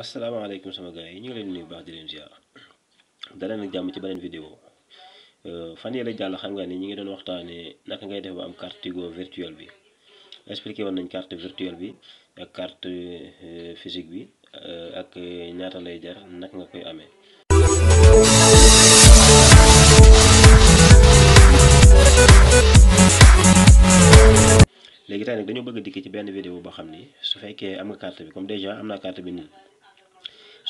asalaamaaleykum sama gars yi ñu ngi leen nuyu baax di leen ziar dara nag jàmm ci beneen vidéo euh, fan yële jàll xam nga ni ñu ngi doon waxtaanee naka ngay def ba am carte Tigo virtuelle bi expliqué woon nañ carte virtuelle bi ak euh, bi euh, ak ñaata lay jar naka nga koy amee. léegi tey nag dañoo bëgg dikk ci benn vidéo boo xam ni su fekkee am nga carte bi comme déjà am naa carte bi nii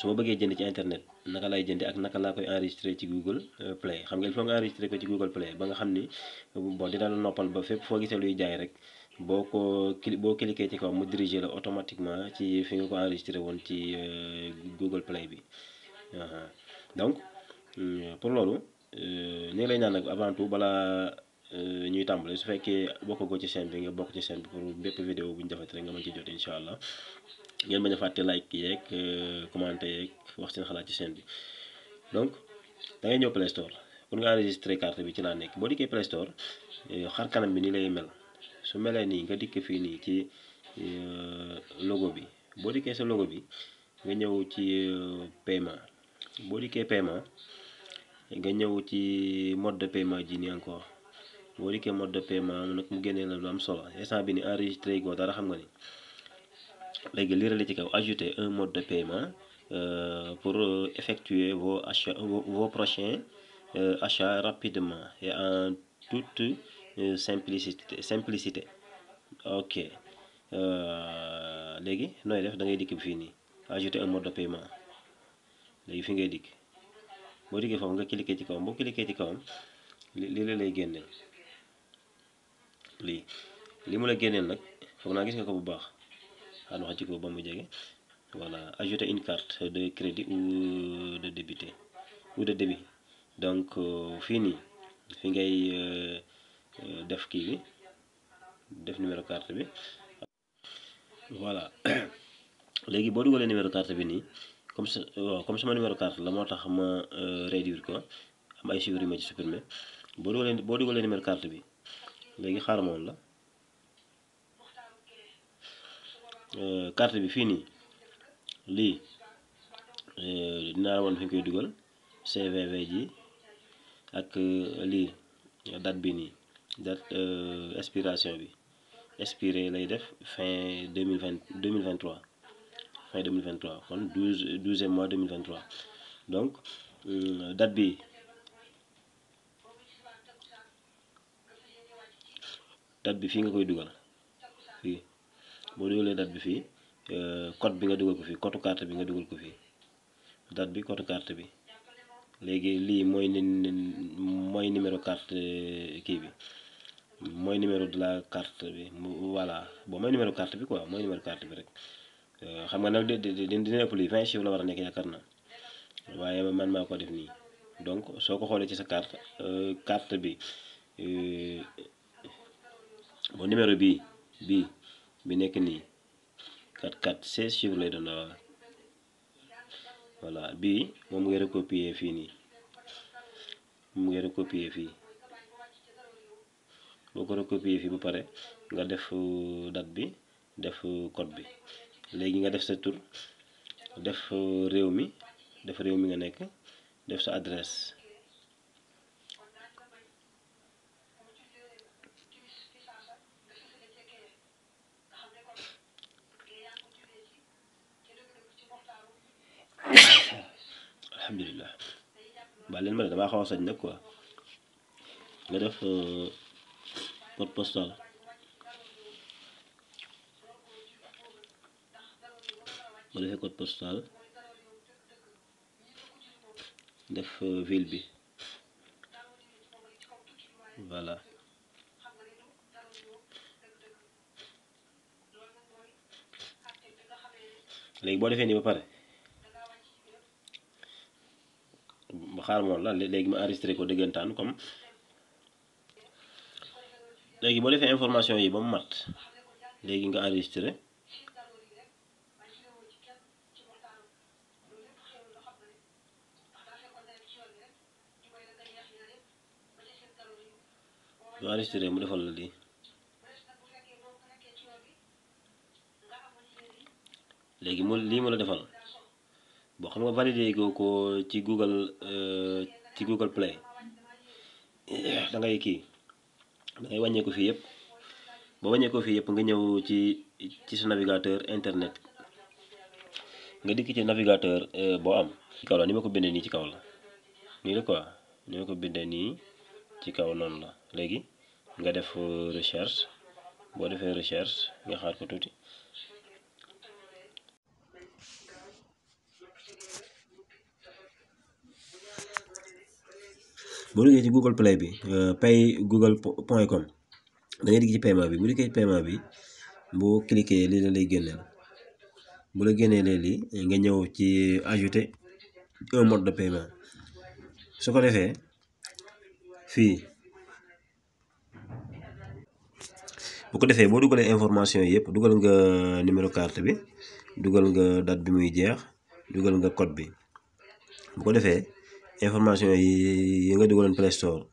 su bëggee jënd ci internet naka laay jëndee ak naka laa koy enregistré ci Google euh, Play xam nga il faut ko ci Google Play ba nga xam ni bon dina la noppal ba fépp foo gisee luy jaay rek boo ko cli boo cliqué ci kaw mu dirigé la automatiquement ci fi nga ko enregistré woon ci euh, Google Play bi donc euh, pour loolu ñu ngi lay ñaan nag avant tout balaa ñuy tàmbale su fekkee bokkagoo ci chaîne bi nga bokk ci chaîne bi pour bépp vidéo bu ñu defati rek nga mën ci jot incha allah. ngeen bañ a fàtte like yeeg euh, commenter yeeg wax seen xalaat ci seen bi donc da ngay ñëw Play Store pour nga enregistrer carte bi ci laa nekk boo dikkee Play Store euh, xar kanam bi ni lay mel su melee nii nga dikk fii nii ci euh, logo bi boo dikkee sa logo bi nga ñëw ci paiement boo dikkee paiement nga ñëw ci mode de paiement ji nii encore boo dikkee mode de paiement nag mu génnee la lu am solo instant bi ni enregistré goo dara xam nga ni léegi lire la ci kaw ajouter un mode de paiement euh, pour euh, effectuer vos achats vos prochains euh, achats rapidement et en toute simplicité simplicité ok léegi nooy def da ngay dikk fii nii ajouter un mode de paiement léegi fi ngay dikk boo dikkee foofu nga cliquer ci kawam boo cliquer ci kawam lii la lay génneel lii li mu la génneel nag foog naa gis nga ko bu baax. alors xëcc ba mu jege voilà ajouter une carte de crédit ou de débité ou de débit donc euh, fii nii fi ngay euh, def kii bi def numéro carte bi voilà léegi boo dugalee numéro carte bi nii comme sa waaw comme sama numéro carte la moo tax ma euh, réduire ko am ay chiffres yu ma ci supprimer boo dugalee boo dugalee numéro carte bi léegi xaaral ma la. Euh, carte bi fii nii lii euh, dinaa woon fi ñu koy dugal CVV ji ak euh, lii date bi nii date expiration bi expiré lay def fin deux mille vingt deux mille vingt trois fin deux mille vingt trois kon douze mois deux mille vingt trois donc date bi date bi fi nga koy dugal. boo dugalee date bi fii euh, code bi nga dugal ko fii code carte bi nga dugal ko fii date bi code carte bi léegi lii mooy ni mooy numéro carte euh, kii bi mooy numéro de la carte bi voilà boo mooy numéro carte bi quoi mooy numéro carte bi rek euh, xam nga nag di dina ëpp lii vingt chiffres la war a nekk yaakaar na waaye man maa ko def nii donc soo ko xoolee ci sa carte carte bi bon numéro bii bii bi nekk nii 4 4 16 chiffres de doon waaw voilà bii moom nga recopier fii nii moom nga recopier fii boo ko recopier fii ba pare nga def euh, date bi def euh, code bi léegi nga def sa tour def euh, réew mi def réew mi nga nekk def sa adresse alhamdulilah baal leen ma ne damaa xaw a sañ nag quoi nga def code euh, postal nga defee code postal def euh, ville bi voilà léegi boo defee nii ba pare xaar moon la léegi ma enregistré ko dëggantaan comme léegi boo defee information yi ba mu mat léegi nga enregistré boo mu defal la lii léegi mu lii mu la defal boo xam nga validé goo ko ci Google euh, ci Google Play eh, da ngay kii da wàññeeku fii yëpp boo wàññeekoo fii yëpp nga ñëw ci ci sa navigateur internet nga dikk ci navigateur euh, boo am. ci kaw la ni ma ko bindee nii ci kaw la nii la quoi ni ma ko bindee nii ci kaw noonu la léegi nga def euh, recherche boo defee recherche nga xaar ko tuuti. boo duggee ci Google Play bi euh, pay google point com da ngay digg ci paiement bi bu dikkee ci paiement bi boo cliquer li la lay génneel bu la génnee léegi nga ñëw ci ajouter un mode de paiement su ko defee fii bu ko defee boo dugalee information yi yëpp dugal nga euh, numéro carte bi dugal nga date bi muy jeex dugal nga code bi boo ko defee information yi nga dugaloon play store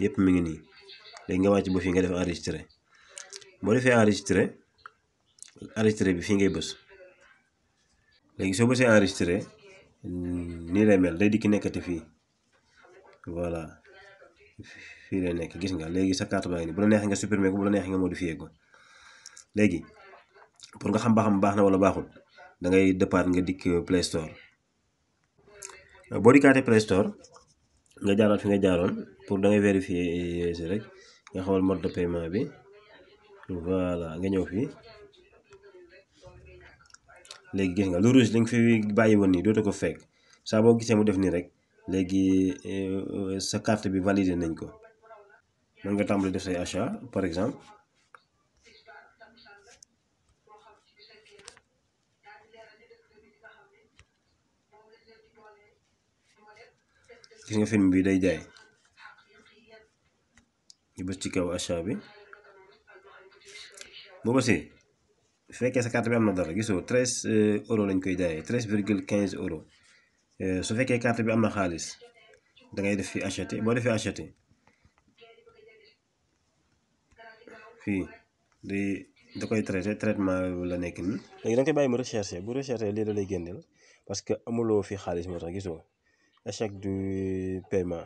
yëpp mi ngi nii léegi nga wàcc ba fii nga def enregistré boo defee enregistré enregistré bi fii ngay bës léegi soo bësee enregistré nii lay mel day dikki nekkati fii voilà fii lay nekk gis nga léegi sa carte baa ngi nii bu la neexee nga supprimer ko bu la neexee nga modifier ko léegi pour nga xam ba xam baax na wala baaxul da ngay départ nga dikk play store boo dikkaatee Play Store nga jaaraat fi nga jaaroon pour da ngay vérifier si rek nga xool mode de paiement bi voilà nga ñëw fii léegi gis nga lu rouge li nga fi bàyyi woon nii dootoo ko fekk saa boo gisee mu def nii rek léegi eh, sa carte bi validé nañ ko mën nga tàmbali def say achat par exemple gis nga film bi day jaay ñu ci kaw bi boo bësee bu fekkee sa carte bi am na dara gisoo treize euh, euro lañ koy jaayee treize virgule quinze euro euh, su fekkee carte bi am na xaalis da ngay def fi acheter boo defee acheter fii di da koy traité traitement la nekk nii. léegi da nga koy bàyyi mu recherché bu recherché lii da lay génneel parce que amuloo fi xaalis moo tax gisoo. échec du paiement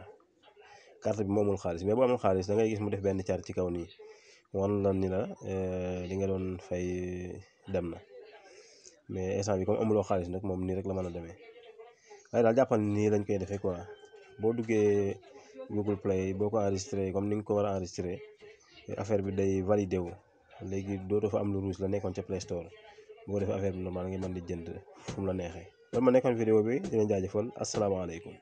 carte bi moomul xaalis mais bu amul xaalis da ngay gis mu def benn car ci kaw nii wan la ni la euh, li nga doon fay dem na mais instant bi comme amuloo xaalis nag moom nii rek la mën a demee waaye daal jàppal nii lañ koy defee quoi boo duggee Google Play boo ko enregistré comme ni nga ko war a enregistré affaire bi day validé wu léegi dootoo fa am lu rouge la nekkoon ci Play Store boo defee affaire bi a nga mën di jënd fu la neexee. loolu ma nekkoon vidéo bi dina jaajëfal asalaamaaleykum